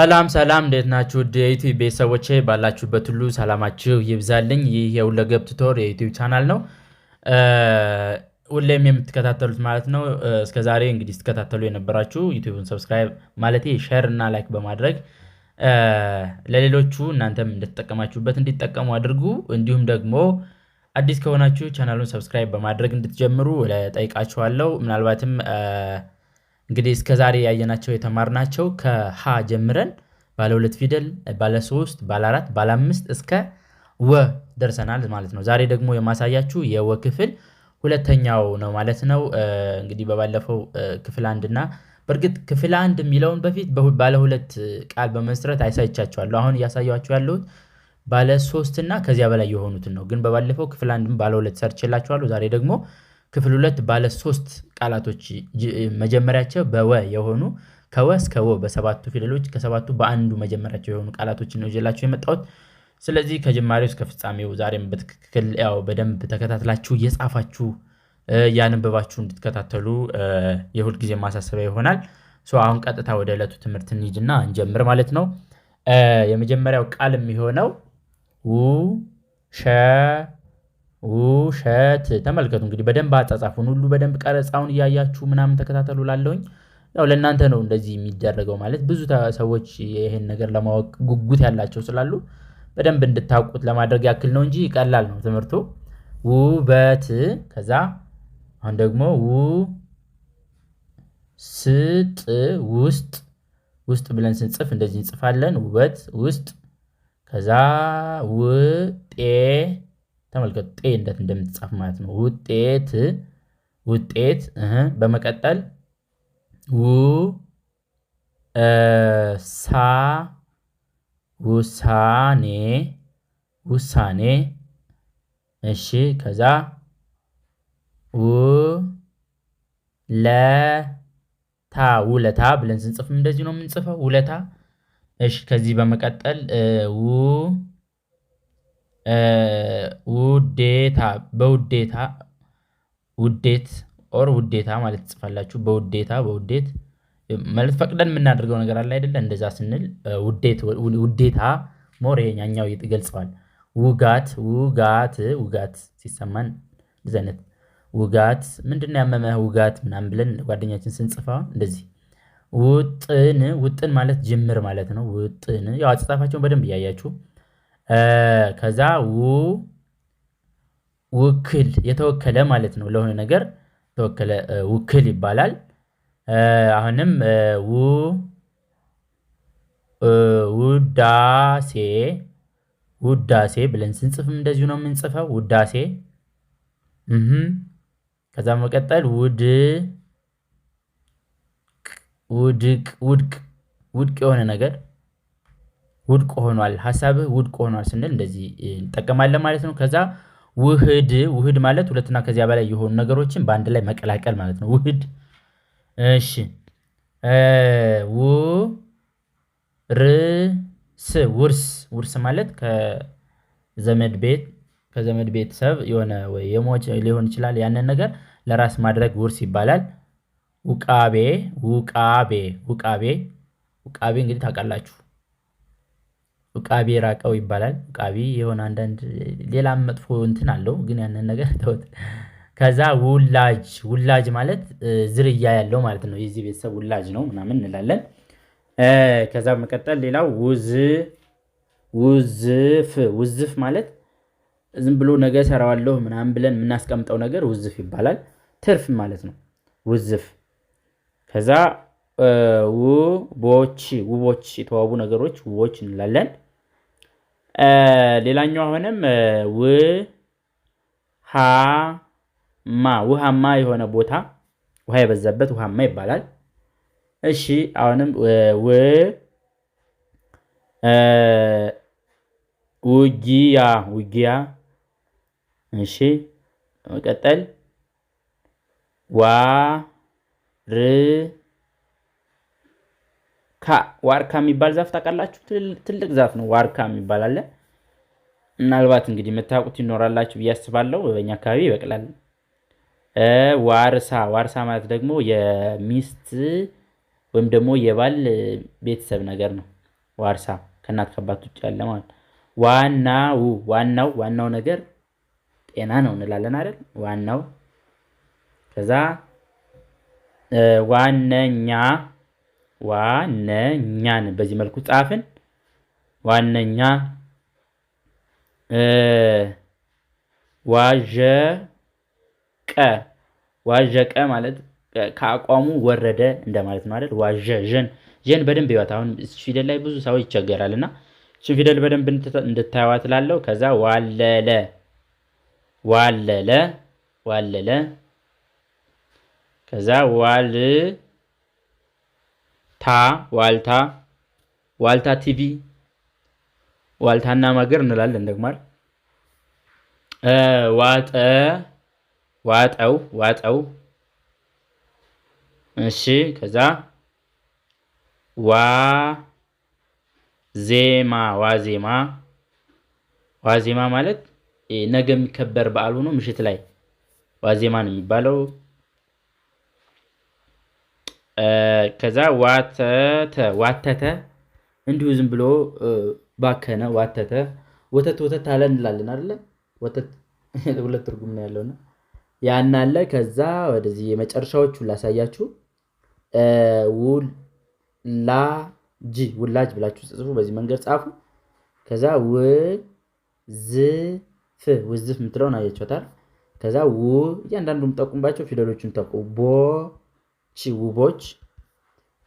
ሰላም ሰላም እንዴት ናችሁ? ውድ የዩቲዩብ ቤተሰቦች ባላችሁበት ሁሉ ሰላማችሁ ይብዛልኝ። ይህ የሁለገብ ቱቶር የዩቲዩብ ቻናል ነው፣ ሁሌም የምትከታተሉት ማለት ነው። እስከዛሬ እንግዲህ ስትከታተሉ የነበራችሁ ዩቲዩብን ሰብስክራይብ ማለት ሼር እና ላይክ በማድረግ ለሌሎቹ እናንተም እንደተጠቀማችሁበት እንዲጠቀሙ አድርጉ። እንዲሁም ደግሞ አዲስ ከሆናችሁ ቻናሉን ሰብስክራይብ በማድረግ እንድትጀምሩ ጠይቃችኋለሁ። ምናልባትም እንግዲህ እስከ ዛሬ ያየናቸው የተማርናቸው ከሀ ጀምረን ባለ ሁለት ፊደል፣ ባለ ሶስት፣ ባለ አራት፣ ባለ አምስት እስከ ወ ደርሰናል ማለት ነው። ዛሬ ደግሞ የማሳያችሁ የወ ክፍል ሁለተኛው ነው ማለት ነው። እንግዲህ በባለፈው ክፍል አንድ እና በእርግጥ ክፍል አንድ የሚለውን በፊት ባለ ሁለት ቃል በመስረት አይሳይቻቸዋለሁ። አሁን እያሳያችሁ ያለሁት ባለ ሶስት እና ከዚያ በላይ የሆኑትን ነው። ግን በባለፈው ክፍል አንድም ባለ ሁለት ሰርችላችኋለሁ። ዛሬ ደግሞ ክፍል ሁለት ባለ ሶስት ቃላቶች መጀመሪያቸው በወ የሆኑ ከወ እስከ ወ በሰባቱ ፊደሎች ከሰባቱ በአንዱ መጀመሪያቸው የሆኑ ቃላቶች ነው ይዤላችሁ የመጣሁት። ስለዚህ ከጅማሬው እስከ ፍጻሜው ዛሬም በትክክል ያው በደንብ ተከታትላችሁ እየጻፋችሁ እያነበባችሁ እንድትከታተሉ የሁልጊዜ ማሳሰቢያ ይሆናል። አሁን ቀጥታ ወደ ዕለቱ ትምህርት እንሂድና እንጀምር ማለት ነው። የመጀመሪያው ቃል የሚሆነው ውሸ ውሸት ተመልከቱ እንግዲህ በደንብ አጻጻፉን ሁሉ በደንብ ቀረጻውን እያያችሁ ምናምን ተከታተሉ። ላለውኝ ያው ለእናንተ ነው እንደዚህ የሚደረገው ማለት ብዙ ሰዎች ይሄን ነገር ለማወቅ ጉጉት ያላቸው ስላሉ በደንብ እንድታውቁት ለማድረግ ያክል ነው እንጂ ቀላል ነው ትምህርቱ። ውበት ከዛ አሁን ደግሞ ው ስጥ ውስጥ ውስጥ ብለን ስንጽፍ እንደዚህ እንጽፋለን። ውበት ውስጥ ከዛ ውጤ ተመልከቱ ጤ እንደት እንደምትጻፍ ማለት ነው። ውጤት ውጤት በመቀጠል ው ሳ ውሳኔ ውሳኔ እሺ ከዛ ውለታ ውለታ ብለን ስንጽፍም እንደዚህ ነው የምንጽፈው ውለታ። እሺ ከዚህ በመቀጠል ው ውዴታ በውዴታ ውዴት ኦር ውዴታ ማለት ትጽፋላችሁ። በውዴታ በውዴት ማለት ፈቅደን የምናደርገው ነገር አለ አይደለ? እንደዛ ስንል ውዴታ ሞር የኛኛው ይገልጸዋል። ውጋት ውጋት ውጋት ሲሰማን እንደዚህ አይነት ውጋት ምንድን ነው ውጋት ምናምን ብለን ጓደኛችን ስንጽፋ እንደዚህ። ውጥን ውጥን ማለት ጅምር ማለት ነው። ውጥን ያው አጻጻፋቸውን በደንብ እያያችሁ ከዛ ው ውክል የተወከለ ማለት ነው። ለሆነ ነገር ተወከለ ውክል ይባላል። አሁንም ው ውዳሴ ውዳሴ ብለን ስንጽፍም እንደዚሁ ነው የምንጽፈው። ውዳሴ ከዛ መቀጠል ውድ ውድቅ ውድቅ ውድቅ የሆነ ነገር ውድቅ ሆኗል ሀሳብህ ውድቅ ሆኗል ስንል እንደዚህ እንጠቀማለን ማለት ነው። ከዛ ውህድ ውህድ ማለት ሁለትና ከዚያ በላይ የሆኑ ነገሮችን በአንድ ላይ መቀላቀል ማለት ነው። ውህድ እሺ ው ርስ ውርስ ውርስ ማለት ከዘመድ ቤት ከዘመድ ቤተሰብ የሆነ ወይ የሞች ሊሆን ይችላል ያንን ነገር ለራስ ማድረግ ውርስ ይባላል። ውቃቤ ውቃቤ ውቃቤ ውቃቤ እንግዲህ ታውቃላችሁ ውቃቢ ራቀው ይባላል። ውቃቢ የሆነ አንዳንድ ሌላ መጥፎ እንትን አለው ግን ያንን ነገር ተውት። ከዛ ውላጅ ውላጅ ማለት ዝርያ ያለው ማለት ነው። የዚህ ቤተሰብ ውላጅ ነው ምናምን እንላለን። ከዛ በመቀጠል ሌላው ውዝ ውዝፍ ውዝፍ ማለት ዝም ብሎ ነገ ሰራዋለሁ ምናምን ብለን የምናስቀምጠው ነገር ውዝፍ ይባላል። ትርፍ ማለት ነው። ውዝፍ ከዛ ውቦች ውቦች የተዋቡ ነገሮች ውቦች እንላለን። ሌላኛው አሁንም ውሃማ ውሃማ የሆነ ቦታ ውሃ የበዛበት ውሃማ ይባላል። እሺ አሁንም ው ውጊያ ውጊያ። እሺ መቀጠል ዋር ዋርካ የሚባል ዛፍ ታውቃላችሁ? ትልቅ ዛፍ ነው ዋርካ የሚባል አለ። ምናልባት እንግዲህ የምታውቁት ይኖራላችሁ ብዬ አስባለሁ። በኛ አካባቢ ይበቅላል። ዋርሳ ዋርሳ ማለት ደግሞ የሚስት ወይም ደግሞ የባል ቤተሰብ ነገር ነው። ዋርሳ ከእናት ከአባት ውጭ ያለ ማለት ዋናው ዋናው ዋናው ነገር ጤና ነው እንላለን አይደል? ዋናው ከዛ ዋነኛ ዋነኛን በዚህ መልኩ ጻፍን። ዋነኛ ዋዠቀ ዋዠቀ ማለት ከአቋሙ ወረደ እንደማለት ነው አይደል? ዋዠ ዠን ዠን በደንብ ይዋት። አሁን ፊደል ላይ ብዙ ሰው ይቸገራል እና እችን ፊደል በደንብ እንድታዩዋት እላለሁ። ከዛ ዋለለ ዋለለ ዋለለ ከዛ ዋል ታ ዋልታ ዋልታ ቲቪ ዋልታና ማገር እንላለን ደግማል። ዋጠ ዋጠው ዋጠው እሺ ከዛ ዋ ዜማ ዋዜማ ዋዜማ ማለት ነገ የሚከበር በዓል ሆኖ ምሽት ላይ ዋዜማ ነው የሚባለው። ከዛ ዋተተ ዋተተ እንዲሁ ዝም ብሎ ባከነ ዋተተ ወተት ወተት አለ እንላለን አለ ወተት ሁለት ትርጉም ነው ያለውና ያን አለ። ከዛ ወደዚህ የመጨረሻዎቹ ላሳያችሁ። ውላጅ ውላጅ ብላችሁ ጽፉ፣ በዚህ መንገድ ጻፉ። ከዛ ውዝፍ ውዝፍ የምትለውን አያቸውታል ከዛ ው እያንዳንዱ የምጠቁምባቸው ፊደሎችን ጠቁ ቦ ቺ ውቦች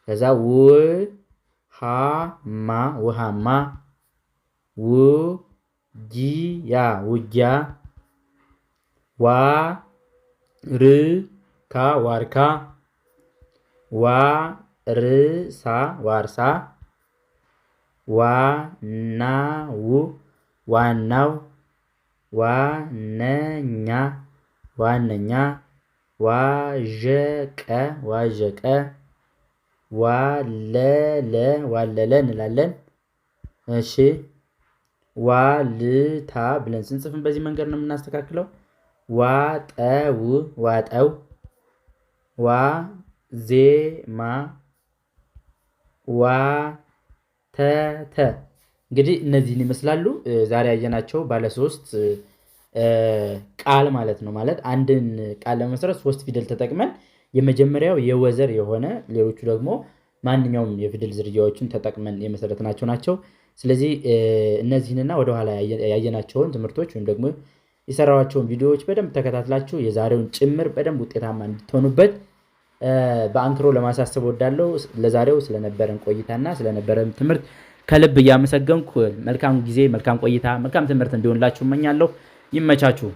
ከዛ ውሃማ ውሃማ ውጊያ ውጊያ ዋርካ ዋርካ ዋርሳ ዋርሳ ዋናው ዋናው ዋነኛ ዋነኛ ዋዠቀ ዋዠቀ ዋለለ ዋለለ እንላለን። እሺ ዋልታ ብለን ስንጽፍን በዚህ መንገድ ነው የምናስተካክለው። ዋጠው ዋጠው ዋዜማ ዋተተ እንግዲህ እነዚህን ይመስላሉ። ዛሬ ያየናቸው ባለሶስት። ቃል ማለት ነው። ማለት አንድን ቃል ለመሰረት ሶስት ፊደል ተጠቅመን የመጀመሪያው የወዘር የሆነ ሌሎቹ ደግሞ ማንኛውም የፊደል ዝርያዎችን ተጠቅመን የመሰረትናቸው ናቸው። ስለዚህ እነዚህንና ወደኋላ ያየናቸውን ትምህርቶች ወይም ደግሞ የሰራኋቸውን ቪዲዮዎች በደንብ ተከታትላችሁ የዛሬውን ጭምር በደንብ ውጤታማ እንድትሆኑበት በአንክሮ ለማሳሰብ ወዳለው ለዛሬው ስለነበረን ቆይታና ስለነበረን ትምህርት ከልብ እያመሰገንኩ መልካም ጊዜ፣ መልካም ቆይታ፣ መልካም ትምህርት እንዲሆንላችሁ እመኛለሁ። ይመቻችሁ።